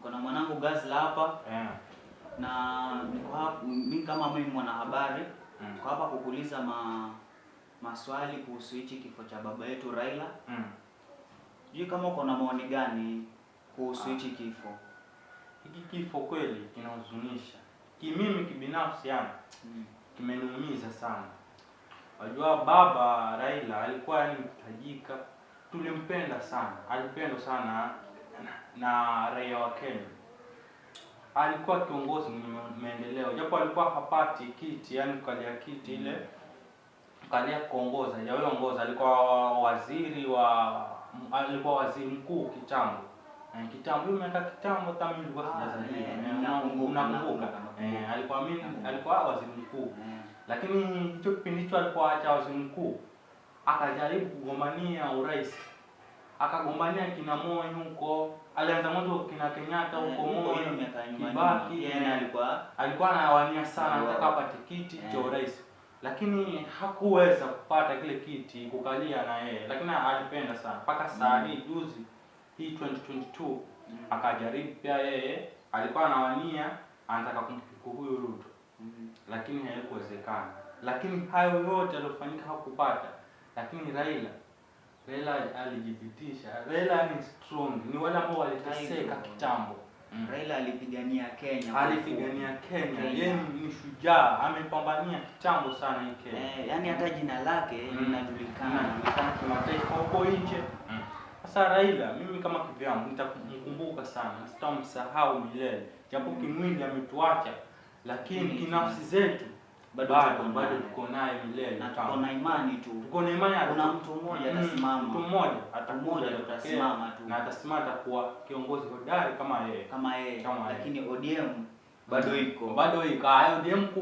Niko na mwanangu Gazla hapa eh. na niko hapa mimi kama mimi mwanahabari mm. niko hapa kukuuliza ma, maswali kuhusu hichi kifo cha baba yetu Raila mm. kama uko na maoni gani kuhusu ah. hichi ah. kifo hiki kifo kweli kinahuzunisha, kimimi kibinafsi yana mm. kimeniumiza sana. Wajua baba Raila alikuwa ni mtajika, tulimpenda sana, alipendwa sana na raia wa Kenya. Alikuwa kiongozi mwenye maendeleo, japo alikuwa hapati kiti, yani kukalia kiti ile kalia kuongoza, hajawahi ongoza. Alikuwa waziri wa alikuwa waziri mkuu kitambo eh, kitambo miaka kitambo tamilikuwa sijazaliwa, ah, eh, unakumbuka? Eh, alikuwa mimi mm. alikuwa waziri mkuu, mm. lakini hicho kipindi hicho alikuwa acha waziri mkuu, akajaribu kugombania urais akagombania kina Moi huko, alianza mwanzo kina Kenyatta eh, huko Moi, Kibaki eh, alikuwa alikuwa anawania sana anataka apate kiti cha eh. urais, lakini hakuweza kupata kile kiti kukalia na yeye, lakini alipenda sana mpaka saa mm. hii juzi hii 2022 mm. akajaribu pia yeye, alikuwa anawania anataka kumpiku huyu Ruto mm. lakini haikuwezekana. Lakini hayo yote yaliyofanyika hakupata, lakini Raila Raila alijibitisha. Raila ni strong, ni wale ambao waliteseka kitambo. Mm. Raila alipigania Kenya. Alipigania Kenya. Yeye ni shujaa, amepambania kitambo sana hii Kenya. Eh, yani hata mm. jina lake mm. linajulikana mm. mm. kimataifa huko nje. Mm. Sasa mm. Raila mimi kama kivyangu nitamkumbuka sana, sitamsahau milele. Japo kimwili ametuacha, lakini kinafsi zetu bado bado tuko naye milele na tuko na imani tu, tuko na imani. Kuna mtu mmoja mm, atasimama, mtu mmoja atakuja, atasimama tu na atasimama, atakuwa kiongozi hodari kama yeye, kama yeye. Lakini ODM mm, bado iko, bado iko ODM.